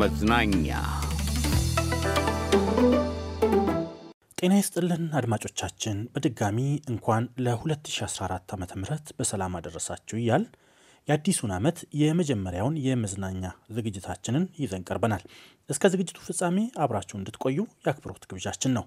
መዝናኛ ጤና ይስጥልን አድማጮቻችን፣ በድጋሚ እንኳን ለ2014 ዓ ም በሰላም አደረሳችሁ እያል የአዲሱን ዓመት የመጀመሪያውን የመዝናኛ ዝግጅታችንን ይዘን ቀርበናል። እስከ ዝግጅቱ ፍጻሜ አብራችሁ እንድትቆዩ የአክብሮት ግብዣችን ነው።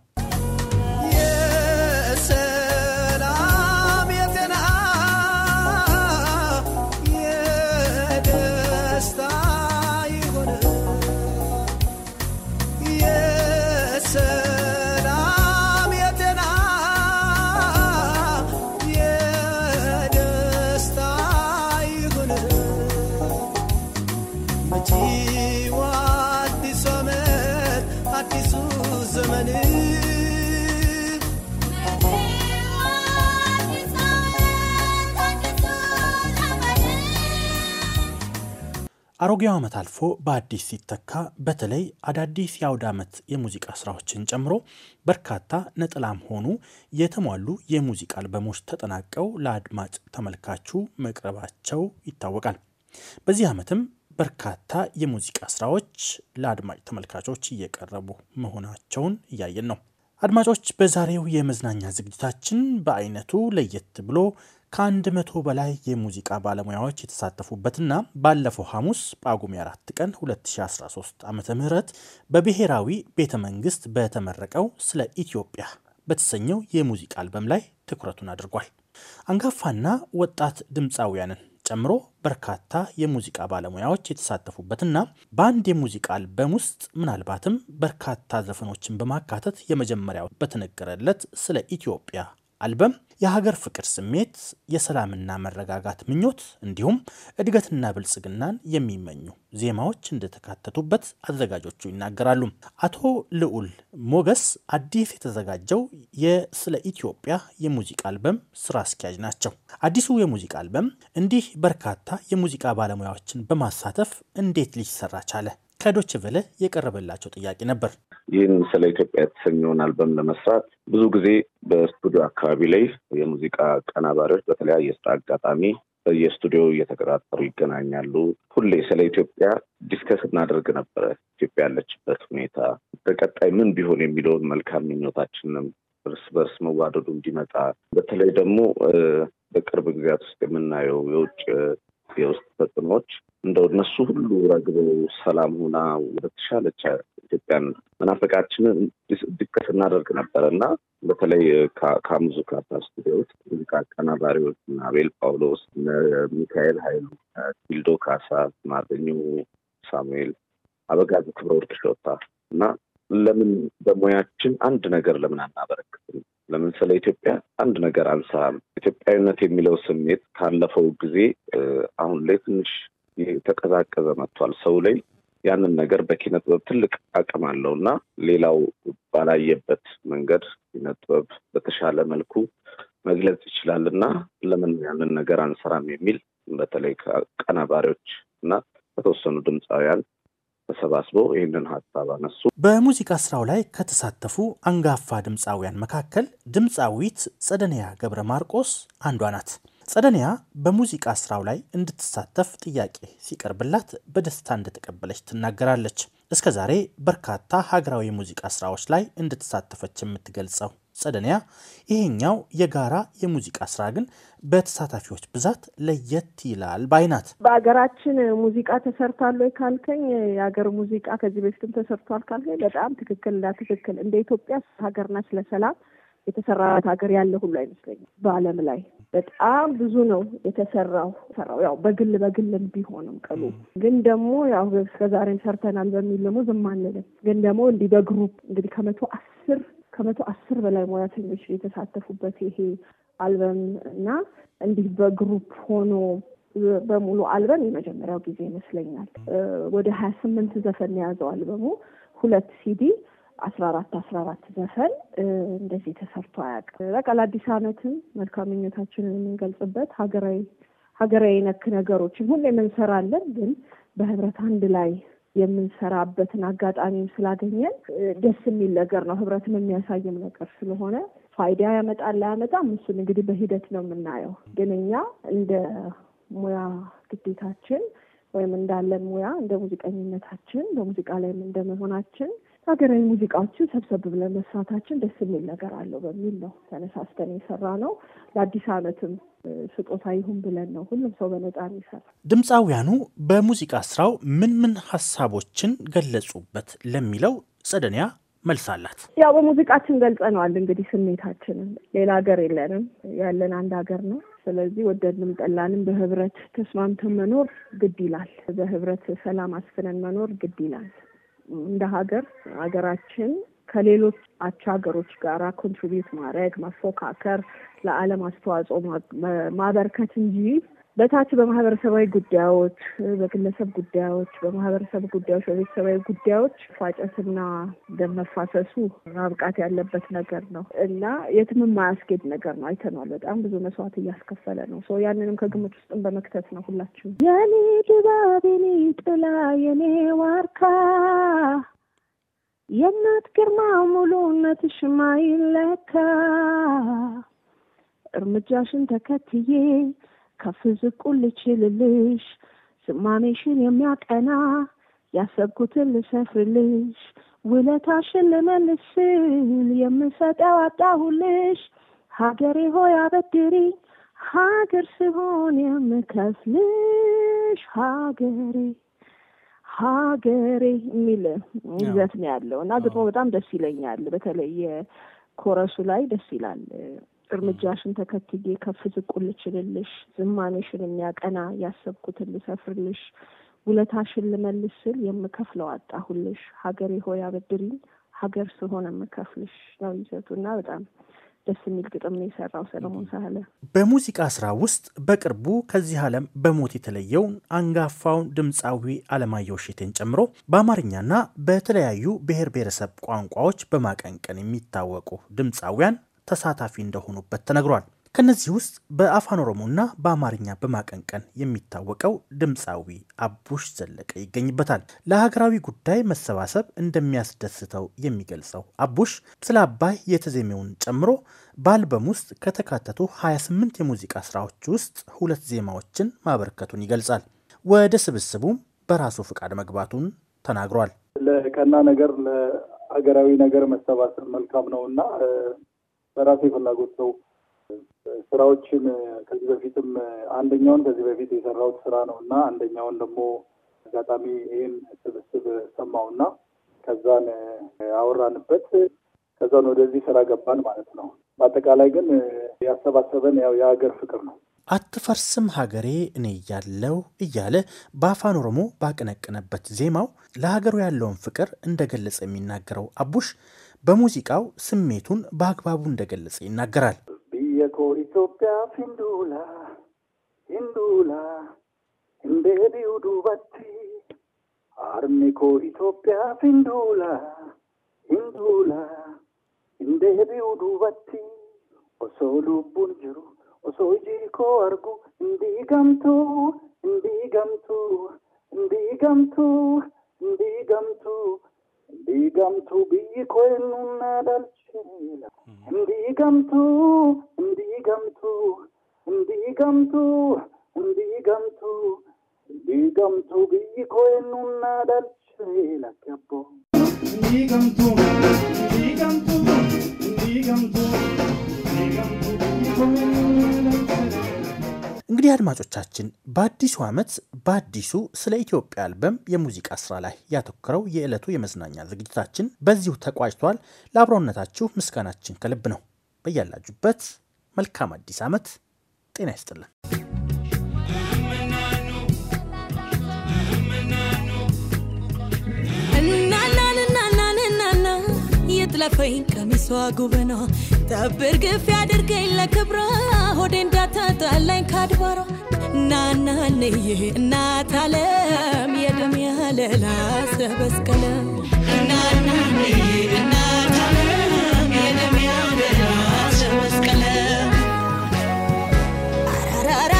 አሮጌው ዓመት አልፎ በአዲስ ሲተካ በተለይ አዳዲስ የአውድ ዓመት የሙዚቃ ስራዎችን ጨምሮ በርካታ ነጠላም ሆኑ የተሟሉ የሙዚቃ አልበሞች ተጠናቀው ለአድማጭ ተመልካቹ መቅረባቸው ይታወቃል። በዚህ ዓመትም በርካታ የሙዚቃ ስራዎች ለአድማጭ ተመልካቾች እየቀረቡ መሆናቸውን እያየን ነው። አድማጮች፣ በዛሬው የመዝናኛ ዝግጅታችን በአይነቱ ለየት ብሎ ከአንድ መቶ በላይ የሙዚቃ ባለሙያዎች የተሳተፉበትና ባለፈው ሐሙስ ጳጉሜ 4 ቀን 2013 ዓ ም በብሔራዊ ቤተ መንግስት በተመረቀው ስለ ኢትዮጵያ በተሰኘው የሙዚቃ አልበም ላይ ትኩረቱን አድርጓል። አንጋፋና ወጣት ድምፃውያንን ጨምሮ በርካታ የሙዚቃ ባለሙያዎች የተሳተፉበትና በአንድ የሙዚቃ አልበም ውስጥ ምናልባትም በርካታ ዘፈኖችን በማካተት የመጀመሪያው በተነገረለት ስለ ኢትዮጵያ አልበም የሀገር ፍቅር ስሜት፣ የሰላምና መረጋጋት ምኞት እንዲሁም እድገትና ብልጽግናን የሚመኙ ዜማዎች እንደተካተቱበት አዘጋጆቹ ይናገራሉ። አቶ ልዑል ሞገስ አዲስ የተዘጋጀው የስለ ኢትዮጵያ የሙዚቃ አልበም ስራ አስኪያጅ ናቸው። አዲሱ የሙዚቃ አልበም እንዲህ በርካታ የሙዚቃ ባለሙያዎችን በማሳተፍ እንዴት ሊሰራ ቻለ? ከዶች ቨለ የቀረበላቸው ጥያቄ ነበር። ይህን ስለ ኢትዮጵያ የተሰኘውን አልበም ለመስራት ብዙ ጊዜ በስቱዲዮ አካባቢ ላይ የሙዚቃ ቀናባሪዎች በተለያየ ስራ አጋጣሚ በየስቱዲዮ እየተቀጣጠሩ ይገናኛሉ። ሁሌ ስለ ኢትዮጵያ ዲስከስ እናደርግ ነበረ። ኢትዮጵያ ያለችበት ሁኔታ በቀጣይ ምን ቢሆን የሚለውን መልካም ምኞታችንም እርስ በርስ መዋደዱ እንዲመጣ በተለይ ደግሞ በቅርብ ጊዜያት ውስጥ የምናየው የውጭ የውስጥ ተጽዕኖዎች እንደው እነሱ ሁሉ ረግበው ሰላም ሁና ወደ ኢትዮጵያን መናፈቃችንን ድቀት እናደርግ ነበር እና በተለይ ከአምዙ ካርታ ስቱዲዮስ ሙዚቃ አቀናባሪዎች አቤል ጳውሎስ፣ ሚካኤል ኃይሉ፣ ቢልዶ ካሳ፣ ማገኙ ሳሙኤል፣ አበጋዙ ወርቅ ሾታ እና ለምን በሙያችን አንድ ነገር ለምን አናበረክትም? ለምን ስለ ኢትዮጵያ አንድ ነገር አንሰራም? ኢትዮጵያዊነት የሚለው ስሜት ካለፈው ጊዜ አሁን ላይ ትንሽ ተቀዛቀዘ መጥቷል ሰው ላይ ያንን ነገር በኪነ ጥበብ ትልቅ አቅም አለው እና ሌላው ባላየበት መንገድ ኪነ ጥበብ በተሻለ መልኩ መግለጽ ይችላል እና ለምን ያንን ነገር አንሰራም የሚል በተለይ ከቀናባሪዎች እና ከተወሰኑ ድምፃውያን ተሰባስበው ይህንን ሀሳብ አነሱ። በሙዚቃ ስራው ላይ ከተሳተፉ አንጋፋ ድምፃውያን መካከል ድምፃዊት ጸደንያ ገብረ ማርቆስ አንዷ ናት። ጸደንያ በሙዚቃ ስራው ላይ እንድትሳተፍ ጥያቄ ሲቀርብላት በደስታ እንደተቀበለች ትናገራለች። እስከዛሬ በርካታ ሀገራዊ የሙዚቃ ስራዎች ላይ እንደተሳተፈች የምትገልጸው ጸደንያ ይሄኛው የጋራ የሙዚቃ ስራ ግን በተሳታፊዎች ብዛት ለየት ይላል ባይናት። በሀገራችን ሙዚቃ ተሰርቷል ወይ ካልከኝ የሀገር ሙዚቃ ከዚህ በፊትም ተሰርቷል ካልከኝ በጣም ትክክል እና ትክክል እንደ ኢትዮጵያ ሀገር ስለ ለሰላም የተሰራበት ሀገር ያለ ሁሉ አይመስለኝም። በዓለም ላይ በጣም ብዙ ነው የተሰራው ሰራው ያው በግል በግልም ቢሆንም ቅሉ ግን ደግሞ ያው እስከዛሬም ሰርተናል በሚል ደግሞ ዝም አንልም። ግን ደግሞ እንዲህ በግሩፕ እንግዲህ ከመቶ አስር ከመቶ አስር በላይ ሙያተኞች የተሳተፉበት ይሄ አልበም እና እንዲህ በግሩፕ ሆኖ በሙሉ አልበም የመጀመሪያው ጊዜ ይመስለኛል። ወደ ሀያ ስምንት ዘፈን የያዘው አልበሙ ሁለት ሲዲ አስራ አራት አስራ አራት ዘፈን እንደዚህ ተሰርቶ አያውቅም። በቃ ለአዲስ ዓመትም መልካምኞታችንን የምንገልጽበት ሀገራዊ ሀገራዊ ነክ ነገሮችን ሁሌም እንሰራለን፣ ግን በህብረት አንድ ላይ የምንሰራበትን አጋጣሚም ስላገኘን ደስ የሚል ነገር ነው። ህብረትም የሚያሳይም ነገር ስለሆነ ፋይዳ ያመጣል ላያመጣም፣ እሱን እንግዲህ በሂደት ነው የምናየው። ግን እኛ እንደ ሙያ ግዴታችን ወይም እንዳለን ሙያ እንደ ሙዚቀኝነታችን በሙዚቃ ላይም እንደመሆናችን ሀገራዊ ሙዚቃዎችን ሰብሰብ ብለን መስራታችን ደስ የሚል ነገር አለው በሚል ነው ተነሳስተን የሰራ ነው። ለአዲስ ዓመትም ስጦታ ይሁን ብለን ነው ሁሉም ሰው በነጻ የሚሰራ። ድምፃውያኑ በሙዚቃ ስራው ምን ምን ሀሳቦችን ገለጹበት ለሚለው ጸደንያ መልስ አላት። ያው በሙዚቃችን ገልጸነዋል እንግዲህ ስሜታችንን። ሌላ ሀገር የለንም፣ ያለን አንድ ሀገር ነው። ስለዚህ ወደድንም ጠላንም በህብረት ተስማምተን መኖር ግድ ይላል። በህብረት ሰላም አስፍነን መኖር ግድ ይላል። እንደ ሀገር ሀገራችን ከሌሎች አቻ ሀገሮች ጋር ኮንትሪቢዩት ማድረግ መፎካከር፣ ለዓለም አስተዋጽኦ ማበርከት እንጂ በታች በማህበረሰባዊ ጉዳዮች፣ በግለሰብ ጉዳዮች፣ በማህበረሰብ ጉዳዮች፣ በቤተሰባዊ ጉዳዮች ፋጨትና ደም መፋሰሱ ማብቃት ያለበት ነገር ነው እና የትም የማያስኬድ ነገር ነው። አይተነዋል። በጣም ብዙ መስዋዕት እያስከፈለ ነው ሰው። ያንንም ከግምት ውስጥም በመክተት ነው ሁላችንም የኔ ድባብ የኔ ጥላ የኔ ዋርካ የእናት ግርማ ሙሉነትሽ ማይለካ እርምጃሽን ተከትዬ ከፍ ዝቁ ልችልልሽ ስማሜሽን የሚያቀና ያሰብኩትን ልሰፍርልሽ ውለታሽን ልመልስል የምሰጠው አጣሁልሽ ሀገሬ ሆይ አበድሪ ሀገር ስሆን የምከፍልሽ ሀገሬ ሀገሬ የሚል ይዘት ነው ያለው እና ግጥሞ በጣም ደስ ይለኛል። በተለየ ኮረሱ ላይ ደስ ይላል። እርምጃሽን ተከትዬ ከፍ ዝቁል ልችልልሽ ዝማኔሽን የሚያቀና ያሰብኩትን ልሰፍርልሽ ውለታሽን ልመልስ ስል የምከፍለው አጣሁልሽ ሀገሬ ሆይ አበድሪኝ ሀገር ስሆን የምከፍልሽ ነው ይዘቱ እና በጣም ደስ የሚል ግጥም ነው የሰራው ሰለሞን ሳለ። በሙዚቃ ስራ ውስጥ በቅርቡ ከዚህ ዓለም በሞት የተለየውን አንጋፋውን ድምፃዊ አለማየሁ እሸቴን ጨምሮ በአማርኛና በተለያዩ ብሔር ብሔረሰብ ቋንቋዎች በማቀንቀን የሚታወቁ ድምፃዊያን ተሳታፊ እንደሆኑበት ተነግሯል። ከነዚህ ውስጥ በአፋን ኦሮሞና በአማርኛ በማቀንቀን የሚታወቀው ድምፃዊ አቡሽ ዘለቀ ይገኝበታል። ለሀገራዊ ጉዳይ መሰባሰብ እንደሚያስደስተው የሚገልጸው አቡሽ ስለ አባይ የተዜሜውን ጨምሮ በአልበም ውስጥ ከተካተቱ 28 የሙዚቃ ስራዎች ውስጥ ሁለት ዜማዎችን ማበረከቱን ይገልጻል። ወደ ስብስቡም በራሱ ፍቃድ መግባቱን ተናግሯል። ለቀና ነገር ለሀገራዊ ነገር መሰባሰብ መልካም ነው እና በራሴ ፍላጎት ነው። ስራዎችን ከዚህ በፊትም አንደኛውን ከዚህ በፊት የሰራሁት ስራ ነው እና አንደኛውን ደግሞ አጋጣሚ ይህን ስብስብ ሰማውና ከዛን አወራንበት ከዛን ወደዚህ ስራ ገባን ማለት ነው። በአጠቃላይ ግን ያሰባሰበን ያው የሀገር ፍቅር ነው። አትፈርስም ሀገሬ እኔ እያለው እያለ በአፋን ኦሮሞ ባቀነቀነበት ዜማው ለሀገሩ ያለውን ፍቅር እንደገለጸ የሚናገረው አቡሽ በሙዚቃው ስሜቱን በአግባቡ እንደገለጸ ይናገራል። ብየኮ ኢትዮጵያ ፊንዱላ ሂንዱላ እንዴቢው ዱበቲ አርሚኮ ኢትዮጵያ ፊንዱላ ሂንዱላ እንዴቢው ዱበቲ ኦሶ ልቡን ጅሩ ኦሶ ጂኮ አርጉ እንዲ ገምቱ እንዲ ገምቱ ገምቱ እንዲገምቱ ብይኮ እናዳልችላ እንዲገምቱ እንዲገምቱ እንዲገምቱ እንዲገምቱ እንዲገምቱ ብይኮ እናዳልችላ ከቦ እንዲገምቱ እንዲገምቱ እንዲገምቱ እንዲገምቱ ብይኮ እንግዲህ አድማጮቻችን በአዲሱ ዓመት በአዲሱ ስለ ኢትዮጵያ አልበም የሙዚቃ ስራ ላይ ያተኮረው የዕለቱ የመዝናኛ ዝግጅታችን በዚሁ ተቋጭቷል። ለአብሮነታችሁ ምስጋናችን ከልብ ነው። በያላችሁበት መልካም አዲስ ዓመት ጤና ይስጥልን። እናናንናናናና የጥለፈኝ ቀሚሷ ጠብር ግፍ ያድርገኝ ለክብራ ሆዴ እንዳታጣላኝ ካድባሯ ናናንዬ እናት አለም የደም ያለላ ሰበስቀለ ናናንዬ እናት አለም የደም ያለላ ሰበስቀለ አራራራ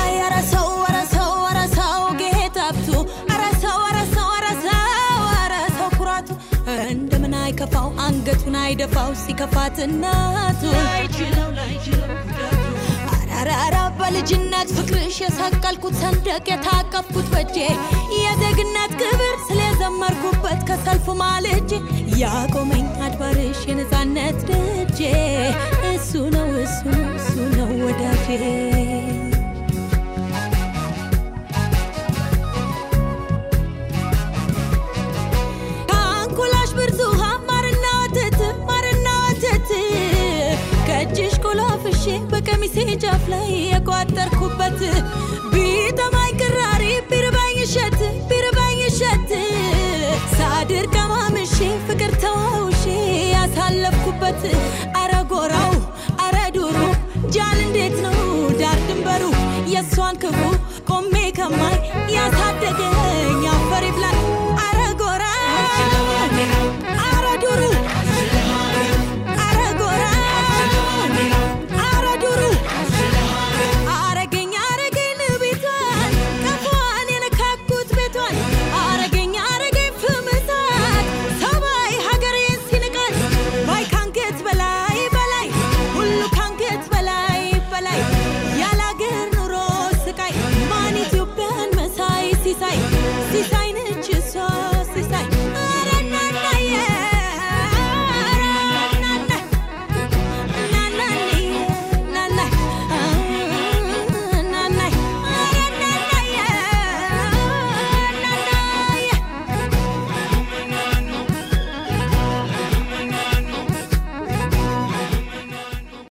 ሳይከፋው አንገቱን አይደፋው ሲከፋት እናቱ አራራራ በልጅነት ፍቅርሽ የሰቀልኩት ሰንደቅ የታቀፍኩት በጄ የጀግነት ክብር ስለዘመርኩበት ከሰልፉ ማልጅ ያቆመኝ አድባርሽ የነፃነት ደጄ እሱ ነው እሱ ነው እሱ ነው ወዳጄ ጫፍ ላይ የቋጠርኩበት ቢጠማኝ ቅራሪ ቢርባኝ እሸት ቢርባኝ እሸት ሳድር ቀማምሼ ፍቅር ተዋውሼ ያሳለፍኩበት አረ ጎራው አረ ዱሩ ጃን እንዴት ነው ዳር ድንበሩ የእሷን ክፉ ቆሜ ከማይ ያሳደገ